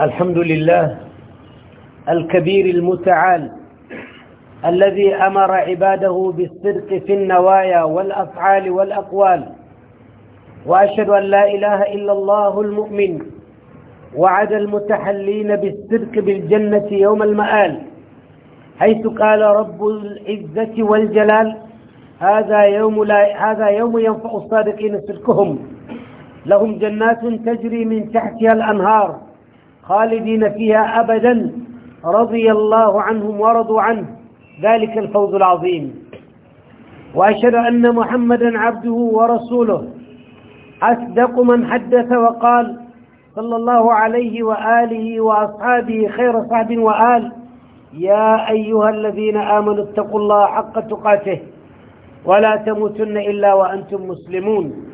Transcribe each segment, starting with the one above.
الحمد لله الكبير المتعال الذي أمر عباده بالصدق في النوايا والأفعال والأقوال وأشهد أن لا إله إلا الله المؤمن وعد المتحلين بالصدق بالجنة يوم المآل حيث قال رب العزة والجلال هذا يوم, لا هذا يوم ينفع الصادقين صدقهم لهم جنات تجري من تحتها الأنهار خالدين فيها أبدا رضي الله عنهم ورضوا عنه ذلك الفوز العظيم وأشهد أن محمدا عبده ورسوله أصدق من حدث وقال صلى الله عليه وآله وأصحابه خير صحب وآل يا أيها الذين آمنوا اتقوا الله حق تقاته ولا تموتن إلا وأنتم مسلمون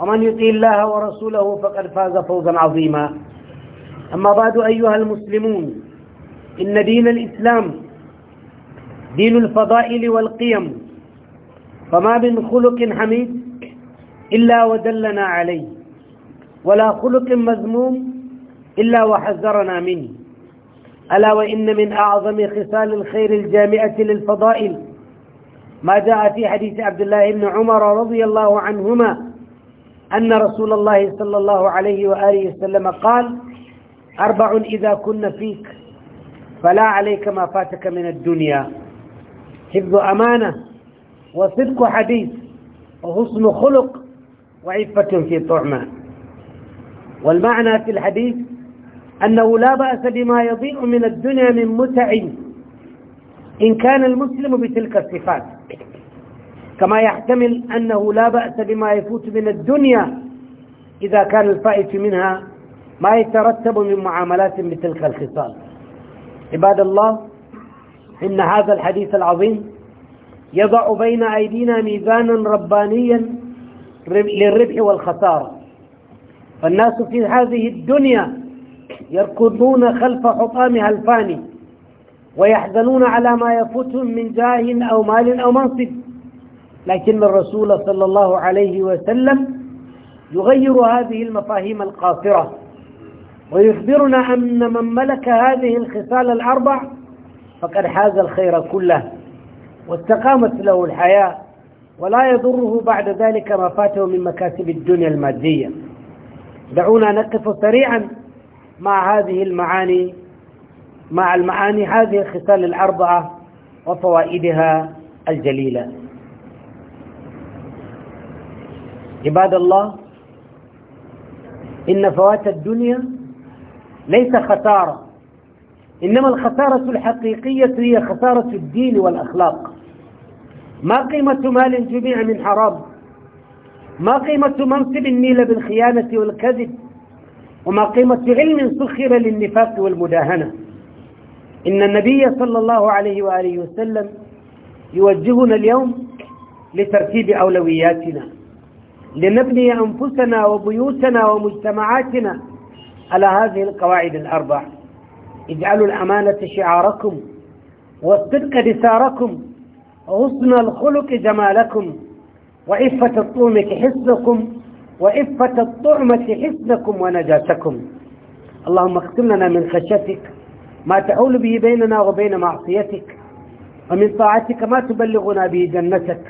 ومن يطيع الله ورسوله فقد فاز فوزا عظيما أما بعد أيها المسلمون إن دين الإسلام دين الفضائل والقيم فما من خلق حميد إلا ودلنا عليه ولا خلق مذموم إلا وحذرنا منه ألا وإن من أعظم خصال الخير الجامعة للفضائل ما جاء في حديث عبد الله بن عمر رضي الله عنهما أن رسول الله صلى الله عليه وآله وسلم قال أربع إذا كن فيك فلا عليك ما فاتك من الدنيا حفظ أمانة وصدق حديث وحسن خلق وعفة في طعمة والمعنى في الحديث أنه لا بأس بما يضيء من الدنيا من متع إن كان المسلم بتلك الصفات كما يحتمل أنه لا بأس بما يفوت من الدنيا إذا كان الفائت منها ما يترتب من معاملات بتلك الخصال عباد الله إن هذا الحديث العظيم يضع بين أيدينا ميزانا ربانيا للربح والخسارة فالناس في هذه الدنيا يركضون خلف حطامها الفاني ويحزنون على ما يفوتهم من جاه أو مال أو منصب لكن الرسول صلى الله عليه وسلم يغير هذه المفاهيم القاصرة ويخبرنا أن من ملك هذه الخصال الأربع فقد حاز الخير كله واستقامت له الحياة ولا يضره بعد ذلك ما فاته من مكاسب الدنيا المادية دعونا نقف سريعا مع هذه المعاني مع المعاني هذه الخصال الأربعة وفوائدها الجليلة عباد الله إن فوات الدنيا ليس خسارة إنما الخسارة الحقيقية هي خسارة الدين والأخلاق ما قيمة مال جميع من حرام ما قيمة منصب نيل بالخيانة والكذب وما قيمة علم سخر للنفاق والمداهنة إن النبي صلى الله عليه وآله وسلم يوجهنا اليوم لترتيب أولوياتنا لنبني أنفسنا وبيوتنا ومجتمعاتنا على هذه القواعد الأربع اجعلوا الأمانة شعاركم والصدق دثاركم وحسن الخلق جمالكم وعفة الطومة حسنكم وعفة الطعمة حسنكم ونجاتكم اللهم اختم لنا من خشيتك ما تحول به بيننا وبين معصيتك ومن طاعتك ما تبلغنا به جنتك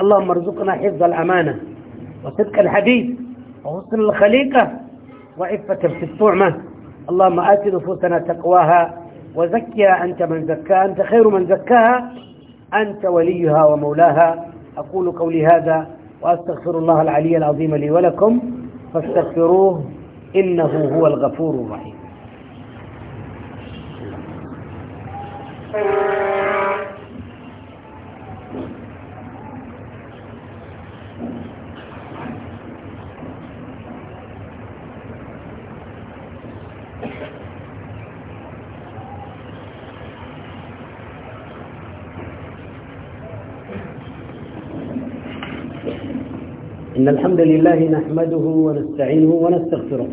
اللهم ارزقنا حفظ الأمانة وصدق الحديث وحسن الخليقة وعفة في الطعمة اللهم آت نفوسنا تقواها وزكها أنت من زكاها أنت خير من زكاها أنت وليها ومولاها أقول قولي هذا وأستغفر الله العلي العظيم لي ولكم فاستغفروه إنه هو الغفور الرحيم Thank you. إن الحمد لله نحمده ونستعينه ونستغفره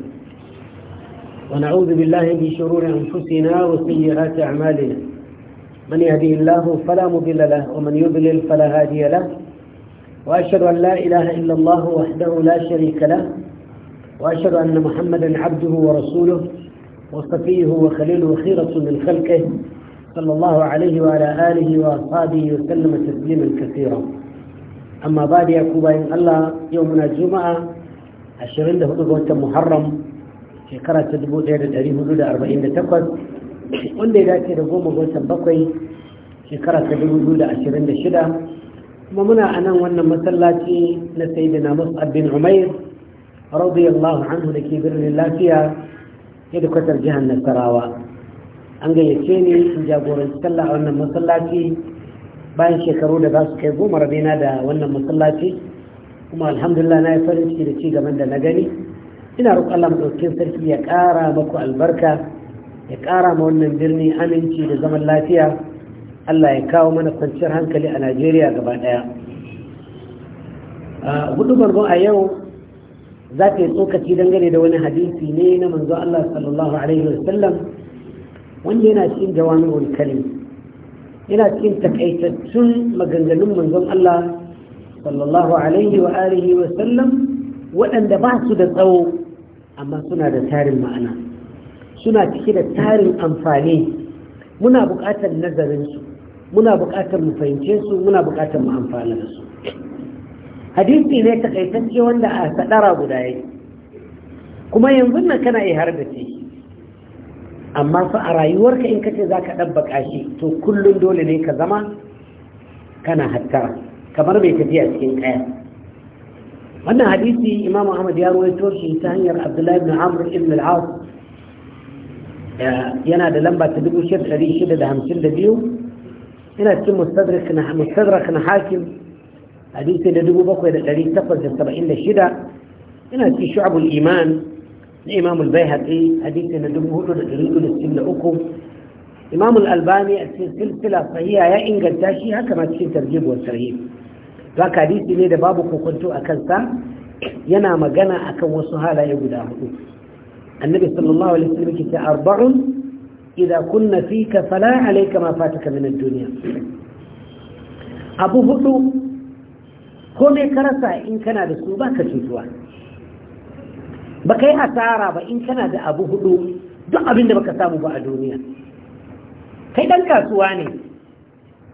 ونعوذ بالله من شرور أنفسنا وسيئات أعمالنا من يهدي الله فلا مضل له ومن يضلل فلا هادي له وأشهد أن لا إله إلا الله وحده لا شريك له وأشهد أن محمدا عبده ورسوله وصفيه وخليله خيرة من خلقه صلى الله عليه وعلى آله وأصحابه وسلم تسليما كثيرا amma ba da yaku bayan Allah yau muna juma'a 24 ga watan Muharram shekara ta 1448 wanda ya dace da goma ga watan bakwai shekara ta 2026 kuma muna a nan wannan masallaci na sayyidina Mus'ab bin Umair radiyallahu anhu da ke birnin lafiya ya da kwatar jihar Nasarawa an gayyace ni in jagoranci sallah a wannan masallaci bayan shekaru da za su kai goma rabina da wannan masallaci kuma alhamdulillah na yi farin ciki da ci gaban da na gani ina roƙon Allah madaukakin sarki ya ƙara maku albarka ya ƙara ma wannan birni aminci da zaman lafiya Allah ya kawo mana kwanciyar hankali a Najeriya gaba ɗaya hudu bargo a yau za ta yi tsokaci dangane da wani hadisi ne na manzo Allah sallallahu alaihi wasallam wanda yana cikin jawami'ul kalim yana cikin takaitattun maganganun manzon Allah sallallahu alaihi wa alihi wa sallam waɗanda ba su da tsawo amma suna da tarin ma'ana suna cike da tarin amfani muna buƙatar nazarinsu muna buƙatar mu fahimce su muna buƙatar mu amfana da su hadisi ne takaitacce wanda a sadara guda yake kuma yanzu nan kana iya har da shi amma fa a rayuwarka in kace zaka ka ɗabbaƙa shi to kullum dole ne ka zama kana hattara kamar mai tafiya cikin ƙaya wannan hadisi imam ahmad ya ruwaito shi ta hanyar abdullahi ibn amr ibn al-as yana da lamba ta 1652 yana cikin mustadrak na mustadrak na hakim hadisi da 7876 ina cikin shu'abul iman na imamul bai bayhaqi hadisi na 4363 imam albani a cikin silsila sahiya ya inganta shi haka ma cikin tarjib wa sahih zaka hadisi ne da babu kokonto a kansa yana magana akan wasu halaye guda hudu annabi sallallahu alaihi wasallam yake arba'un idza kunna fika fala alayka ma fataka min ad-dunya abu hudu ko ka karasa in kana da su baka cutuwa ba yi asara ba in kana da abu hudu duk abin da baka samu ba a duniya kai dan kasuwa ne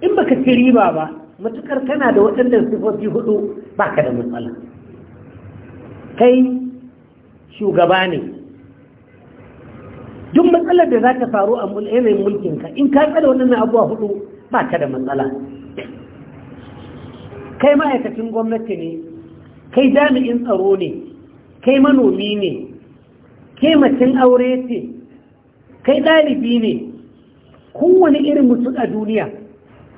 in baka ci riba ba matukar kana da waɗannan sifofi hudu baka da matsala kai shugaba ne duk matsalar da za faru a yanayin ka, in ka tsada abu abubuwa hudu baka da matsala kai ma'aikacin gwamnati ne kai jami'in tsaro ne kai manomi ne kai macin aure ce kai ɗalibi ne kowane irin mutum a duniya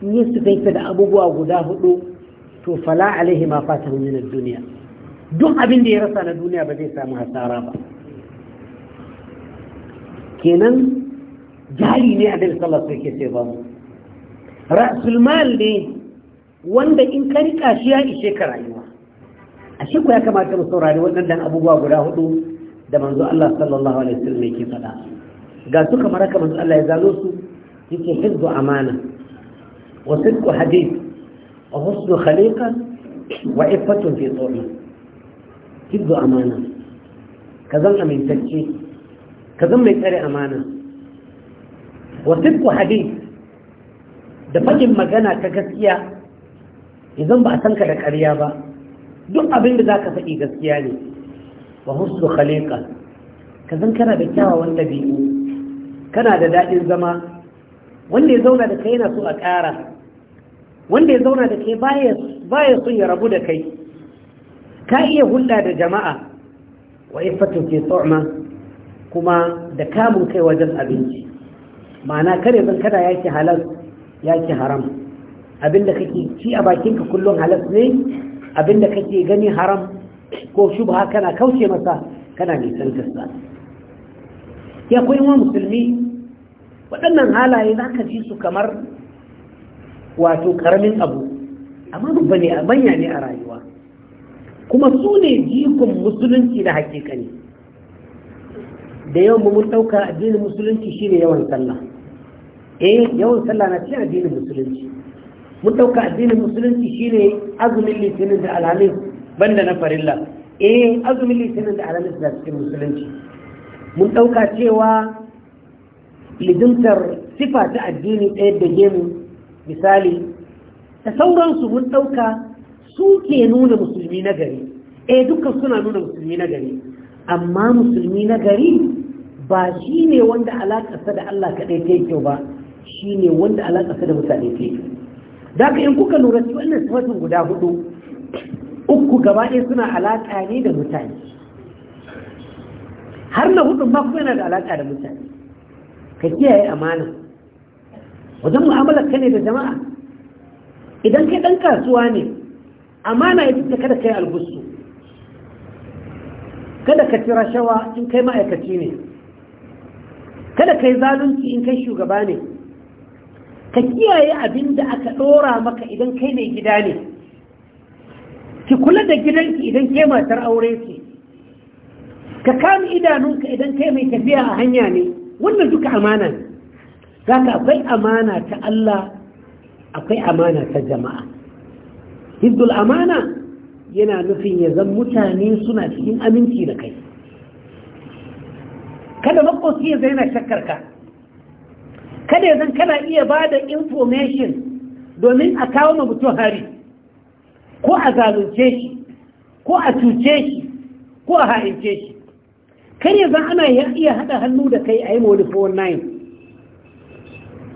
in yi su gaita da abubuwa guda hudu to fala alaihi ma fata na duniya duk abin da ya rasa na duniya ba zai samu hasara ba kenan jari ne a dalisar sallar ke sai ba mu rasulmal ne wanda in kari kashiya ya ishe ka rayuwa shi ku ya kamata mu saurari waɗannan abubuwa guda hudu da manzo Allah sallallahu alaihi wasallam yake faɗa ga su kamar haka manzo Allah ya zalo su yake hizbu amana wa sidqu hadith wa husnu khaliqa wa iffatu fi tawhi hizbu amana ka zan amintacce ka zan mai tsare amana wa sidqu hadith da fakin magana ta gaskiya idan ba a san ka da ƙarya ba duk abin da ka faɗi gaskiya ne wa husnu khaliqa ka zan kana da kyawawan dabi'u kana da daɗin zama wanda ya zauna da kai yana so a ƙara wanda ya zauna da kai baya son ya rabu da kai ka iya hulɗa da jama'a wa ifatu fi tsu'ma kuma da kamun kai wajen abinci ma'ana kare zan kada yaki halal ki haram abinda kake ci a bakinka kullum halas ne abinda kake gani haram ko shubha kana kauce masa kana nisan kasa ya kuwa yawan musulmi waɗannan halaye za ka ji su kamar wato ƙaramin abu amma babba ne manya ne a rayuwa kuma su ne jikon musulunci da hakikani da yawan mun ɗauka addinin musulunci shine yawan sallah eh yawan sallah na cikin addinin musulunci mun ɗauka addinin musulunci shine azumin litinin da alhamis banda na farilla eh azumin litinin da alhamis da cikin musulunci mun ɗauka cewa lidimtar sifa ta addini ɗaya da gemu misali da sauransu mun ɗauka su ke nuna musulmi na gari eh dukkan suna nuna musulmi na gari amma musulmi na gari ba shi ne wanda sa da Allah kaɗai ta kyau ba shi ne wanda sa da mutane ta da ka in kuka lura su wannan sifatin guda hudu uku gaba ɗaya suna alaƙa ne da mutane har na hudun ma kuma yana da alaƙa da mutane ka kiyaye amana wajen mu'amalar ka ne da jama'a idan kai ɗan kasuwa ne amana ya fita kada kai albusu kada ka ci rashawa in kai ma'aikaci ne kada kai zalunci in kai shugaba ne ka kiyaye abin da aka ɗora maka idan kai mai gida ne ki kula da gidanki idan ke matar aure ce ka kama idanunka idan kai mai tafiya a hanya ne wannan duka amana ne Za ka akwai amana ta Allah akwai amana ta jama'a hizdul amana yana nufin ya zan mutane suna cikin aminci da kai kada makosi ya zai na shakkar ka kada yanzu kana iya ba da information domin a kawo ma mutum hari ko a zalunce shi ko a cuce shi ko a ha'ince shi kan yanzu ana iya haɗa hannu da kai a yi mawani 419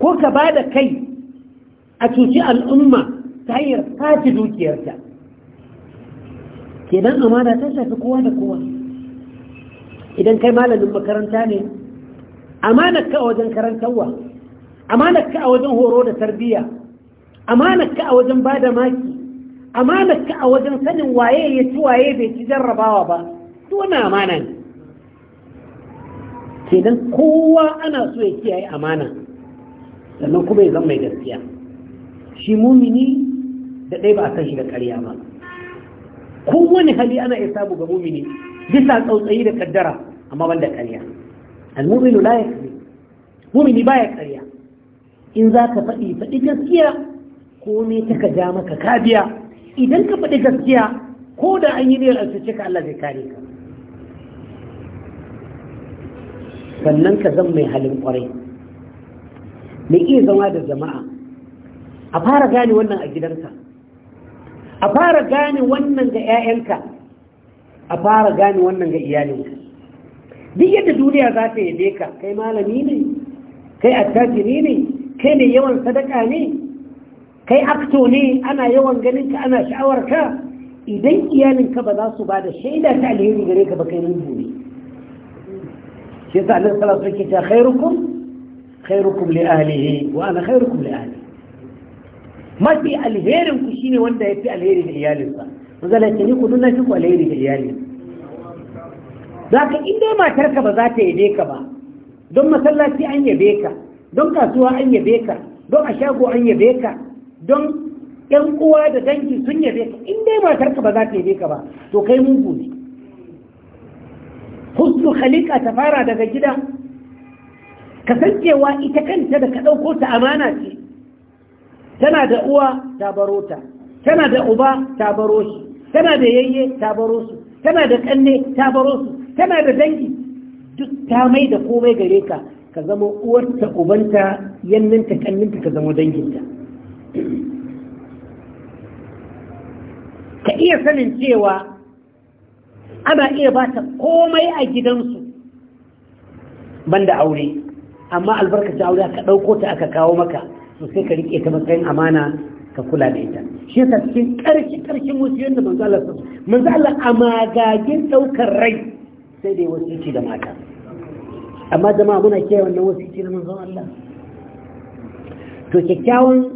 ko ka ba da kai a cuci al'umma ta hanyar sace dukiyarta kenan amana ta shafi kowa da kowa idan kai malamin makaranta ne amana ka wajen karantarwa amanarka a wajen horo da tarbiyya amanarka a wajen ba da maki amanarka a wajen sanin waye ya ci waye bai ci jarrabawa ba duk wannan amana ne Ke kenan kowa ana so ya kiyaye amana sannan kuma ya zama mai gaskiya shi mumini da ɗaya ba a san shi da ƙarya ba kowane hali ana iya samu ga mumini bisa tsautsayi da kaddara amma ban da ƙarya al la yakzib mumini baya ƙarya in za ka faɗi faɗi gaskiya ko ne ta ka ja maka ka biya idan ka faɗi gaskiya ko da an yi a alfice ka Allah zai kare ka sannan ka zan mai halin kwarai mai iya zama da jama'a a fara gane wannan a gidanka a fara gane wannan ga 'ya'yanka a fara gane wannan ga iyalinka duk yadda duniya za ta yabe ka kai malami ne kai attajiri ne kai ne yawan sadaka ne kai akto ne ana yawan ganinka, ana sha'awarka? idan iyalinka ba za su ba da shaida ta alheri gare ka ba kai nan ne shi yasa Allah sallallahu alaihi wasallam ke khairukum khairukum li ahlihi wa ana khairukum li ahli mafi alherin ku shine wanda yafi alheri ga iyalinsa manzo la ni ku na fi ku alheri ga iyalinsa zaka inda matarka ba za ta yabe ka ba don masallaci an yabe ka don kasuwa an yabe ka don a shago an yabe ka don yan uwa da dangi sun yabe ka in dai matar ka ba za ta yabe ka ba to kai mugu ne husnu khaliqa ta fara daga gida kasancewa ita kanta da ka ɗauko ta amana ce tana da uwa ta baro ta tana da uba ta baro shi tana da yayye ta baro su tana da kanne ta baro su tana da dangi duk ta mai da komai gare ka ka zama uwarta ubanta yanninta kanninta ka zama danginta ka iya sanin cewa ana iya ba ta komai a gidansu banda aure amma albarkacin aure ka ɗauko ta aka kawo maka to sai ka riƙe ta matsayin amana ka kula da ita shi ta cikin ƙarshe ƙarshen wasiyar da manzo Allah manzo Allah amagagin ɗaukar rai sai dai yake da mata amma jama'a muna kiyaye wannan wasiki na manzon Allah to kyakkyawan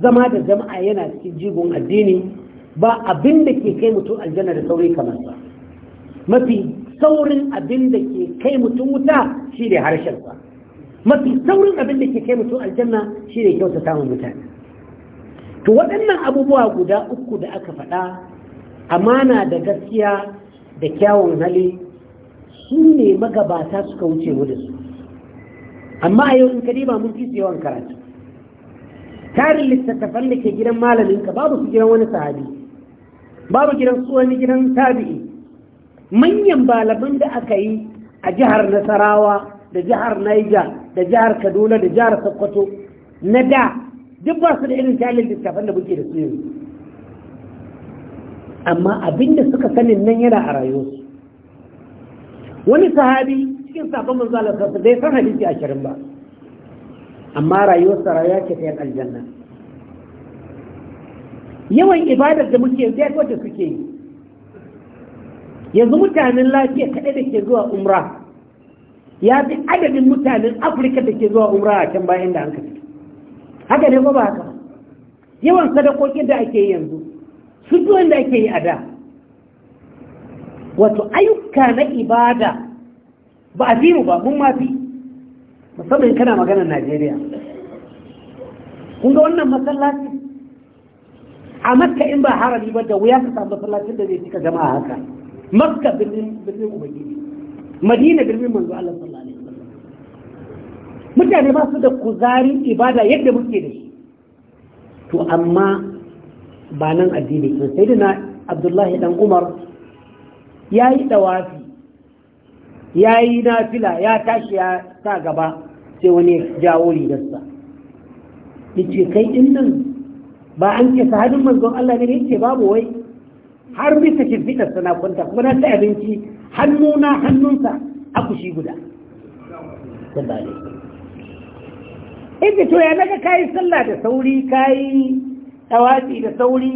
zama da jama'a yana cikin jigon addini ba abin da ke kai mutum aljanna da sauri kamar sa mafi saurin abin da ke kai mutum wuta shi ne harshensa mafi saurin abin da ke kai mutum aljanna shi ne kyauta samun mutane to waɗannan abubuwa guda uku da aka faɗa amana da gaskiya da kyawun hali su ne magabata suka wuce mu su amma a yau in ka nema mun fi yawan karatu tarin littattafan da ke gidan malamin ka babu su gidan wani sahabi babu gidan su wani gidan tabi'i manyan balaban da aka yi a jihar nasarawa da jihar naija da jihar kaduna da jihar sokoto na da duk ba su da irin tarin littattafan da muke da su yanzu amma abinda suka sanin nan yana a rayuwarsu wani sahabi cikin sabon manzo Allah sallallahu san hadisi ashirin ba amma rayuwar rayuwa ce ta yan aljanna yawan ibadar da muke zai wacce suke yi yanzu mutanen lafiya kaɗai da ke zuwa umra ya fi adadin mutanen afirka da ke zuwa umra a can bayan da an ka haka ne ba ba haka yawan sadakokin da ake yanzu su da ake yi a da wato ayyuka dukka na ibada ba a fi mu ba mun ma fi musamman kana magana najeriya kun ga wannan masallaci a makka in ba harami ba da wuya ka samu masallacin da zai cika jama'a haka makka birnin birnin ubangiji madina birnin manzo Allah sallallahu alaihi wasallam mutane ba su da kuzarin ibada yadda muke da shi to amma ba nan addini sai na Abdullahi dan Umar ya yi ɗawafi ya yi nafila ya tashi ya sa gaba sai wani jawo rigarsa ya ce kai in nan ba an ce sahadin manzon Allah ne yake babu wai har bisa fitar sana kwanta kuma na sai abinci hannuna hannunsa a kushi guda ka to ya naga kayi sallah da sauri kayi ɗawafi da sauri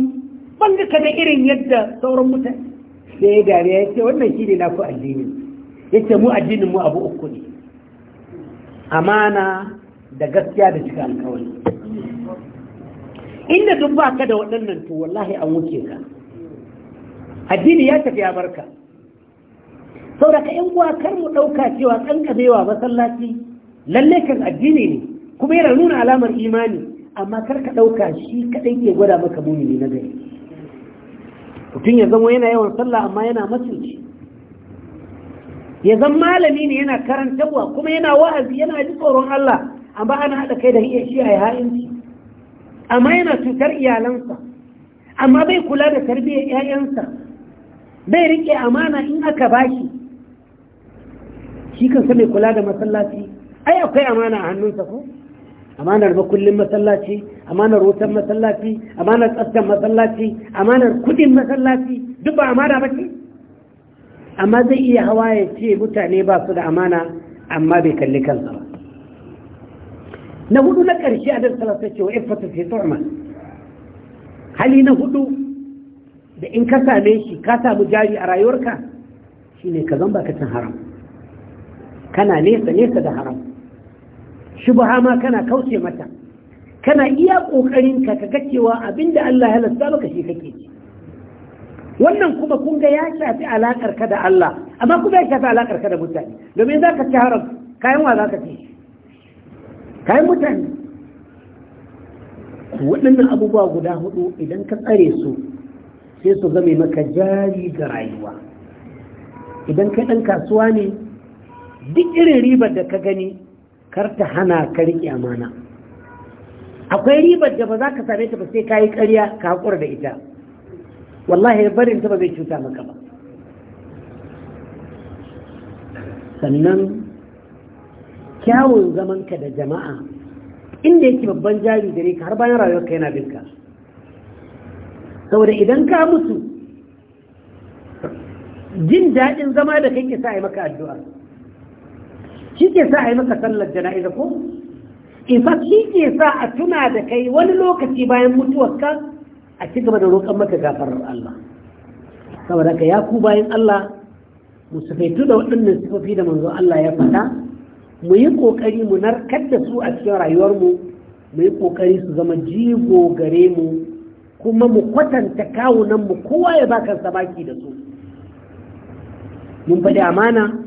ban ga da irin yadda sauran mutane sai ya ya ce wannan shi ne na addinin ya ce mu addinin mu abu uku ne amana da gaskiya da cika alkawari inda duk ba ka da waɗannan to wallahi an wuce ka addini ya tafi ya barka sauraka ka yan kar mu ɗauka cewa ƙabewa masallaci lalle kan addini ne kuma yana nuna alamar imani amma kar ka ɗauka shi kaɗai ke gwada maka mumini na gari mutum ya zama yana yawan sallah amma yana masinci ya zama malami ne yana karantarwa kuma yana wa'azi yana ji tsoron Allah amma ana haɗa kai da iya shi a ha'inci amma yana cutar iyalansa amma bai kula da tarbiyyar 'ya'yansa bai riƙe amana in aka bashi shi kansa mai kula da masallaci ai akwai amana a hannunsa ko amanar makullin masallaci amanar wutar masallaci amanar tsaftar masallaci amanar kudin masallaci duk ba amana ba ce amma zai iya hawa ya ce mutane ba su da amana amma bai kalli kansa ba na hudu na ƙarshe a dar salasa ce wa ifatu sai tsorma hali na hudu da in ka same shi ka samu jari a rayuwarka shine ka zan ka cin haram kana nesa nesa da haram shubha ma kana kauce mata kana iya kokarin ka kaga cewa abinda Allah ya lissa maka shi kake ci wannan kuma kun ga ya shafi alakar ka da Allah amma kuma ya shafi alakar ka da mutane domin za ka ci haram kayan wa za ka ci kayan mutane waɗannan abubuwa guda hudu idan ka tsare su sai su zame maka jari ga rayuwa idan ka ɗan kasuwa ne duk irin ribar da ka gani karta hana ka riƙe amana akwai ribar da ba za ka same ta ba sai ka yi ƙarya ka haƙura da ita wallahi barin ta ba zai cuta maka ba sannan kyawun zamanka da jama'a inda yake babban jari da ka har bayan rayuwarka yana binka saboda idan ka mutu jin daɗin zama da kake sa yi maka addu'a shi ke sa a maka sallar jana'iza ko in fa sa a tuna da kai wani lokaci bayan mutuwar ka a ci gaba da roƙon maka gafarar Allah saboda ka ya ku bayan Allah mu sufaitu da waɗannan sifofi da manzo Allah ya faɗa mu yi ƙoƙari mu narkar da su a cikin rayuwar mu yi ƙoƙari su zama jigo gare mu kuma mu kwatanta kawunan mu kowa ya baka sabaki da su mun faɗi amana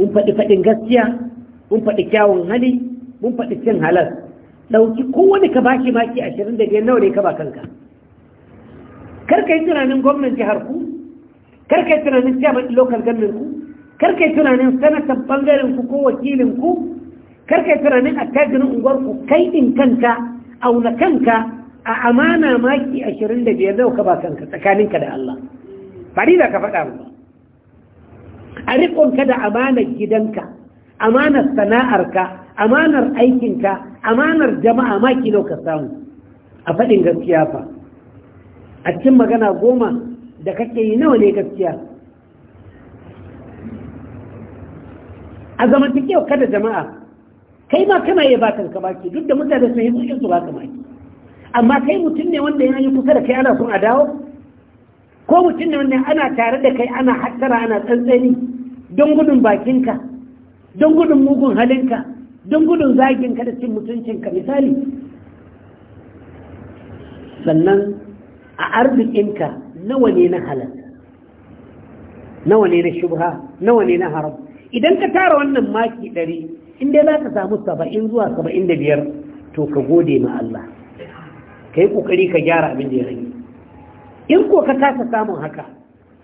mun faɗi faɗin gaskiya mun faɗi kyawun hali mun faɗi cin halal ɗauki kowane ka baki maki ashirin da biyar nawa ne ka ba kanka karka yi tunanin gwamnan jihar ku karka yi tunanin chairman local government ku karka yi tunanin sanatan bangaren ku ko wakilin ku karka yi tunanin attajirin unguwar ku kai din kanka auna kanka a amana maki ashirin da biyar nawa ka ba kanka tsakaninka da Allah ba ni da ka faɗa ba a riƙonka da amanar gidanka amanar sana'arka amanar aikinka amanar jama'a ma kilo ka samu a faɗin gaskiya fa a cikin magana goma da kake yi nawa ne gaskiya a zamantakewa kada jama'a kai ma kana iya bakan ka baki duk da mutane sun yi tsokin su baka maki amma kai mutum ne wanda yana yi kusa da kai ana son a dawo ko mutum ne wanda ana tare da kai ana hattara ana tsantsani don gudun bakinka don gudun mugun halinka don gudun zaginka da cin mutuncinka misali sannan a arzikinka nawa ne na halal nawa ne na shubha nawa ne na haram idan ka tara wannan maki ɗari inda za ka samu saba'in zuwa saba'in da biyar to ka gode ma Allah ka yi ƙoƙari ka gyara abin da ya rage in ko ka kasa samun haka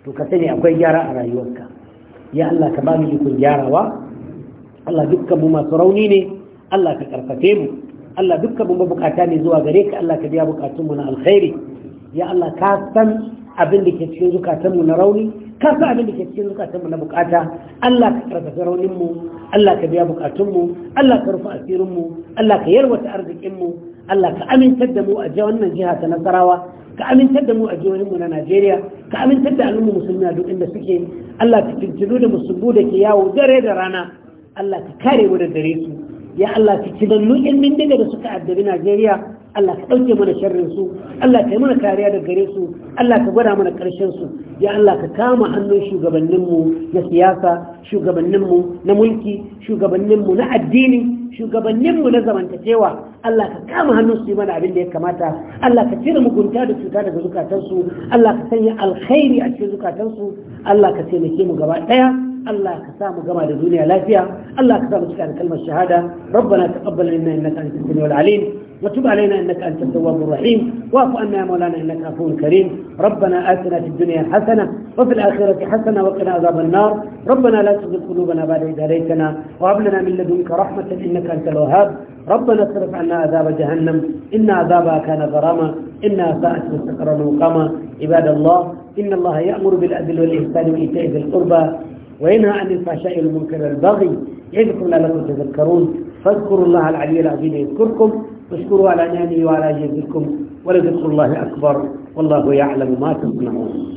to ka sani akwai gyara a rayuwarka ya Allah ka ba mu ikon gyarawa Allah dukkan mu masu rauni ne Allah ka karfafe mu Allah dukkan mu mabukata ne zuwa gare ka Allah ka biya bukatunmu na alkhairi ya Allah ka san abin da ke cikin zukatanmu na rauni ka san abin da ke cikin zukatanmu na bukata Allah ka karfafa rauninmu Allah ka biya bukatunmu Allah ka rufa asirinmu Allah ka yalwata arzikinmu Allah ka amintar da mu a wannan jiha ta Nasarawa ka amintar da mu a jihohinmu na Najeriya ka amintar da al'ummu musulmi a duk inda suke Allah ka tuntunu da musulmi da ke yawo dare da rana Allah ka kare mu da dare su ya Allah ka kidannu in min da suka addabi Najeriya Allah ka dauke mana sharrin su Allah ka yi mana kariya da gare su Allah ka gwada mana karshen su ya Allah ka kama hannun shugabanninmu na siyasa shugabanninmu na mulki shugabanninmu na addini shugabanninmu na zamantakewa Allah ka kama hannun su yi mana abin da ya kamata Allah ka cire mugunta da cuta daga zukatansu Allah ka sanya alkhairi a cikin zukatansu Allah ka taimake mu gaba daya Allah ka sa mu gama da duniya lafiya Allah ka sa mu cika da kalmar shahada rabbana taqabbal minna innaka antas samiul alim وتب علينا إنك أنت التواب الرحيم واعف عنا يا مولانا إنك عفو كريم ربنا آتنا في الدنيا حسنة وفي الآخرة حسنة وقنا عذاب النار ربنا لا تزغ قلوبنا بعد إذ هديتنا وهب لنا من لدنك رحمة إنك أنت الوهاب ربنا اصرف عنا عذاب جهنم إن عذابها كان غراما إنها ساءت مستقرا ومقاما عباد الله إن الله يأمر بالعدل والإحسان وإيتاء ذي القربى وينهى عن الفحشاء والمنكر والبغي يعظكم لعلكم تذكرون فاذكروا الله العلي العظيم يذكركم واشكروا على نعمه وعلى جهدكم ولذكر الله أكبر والله يعلم ما تصنعون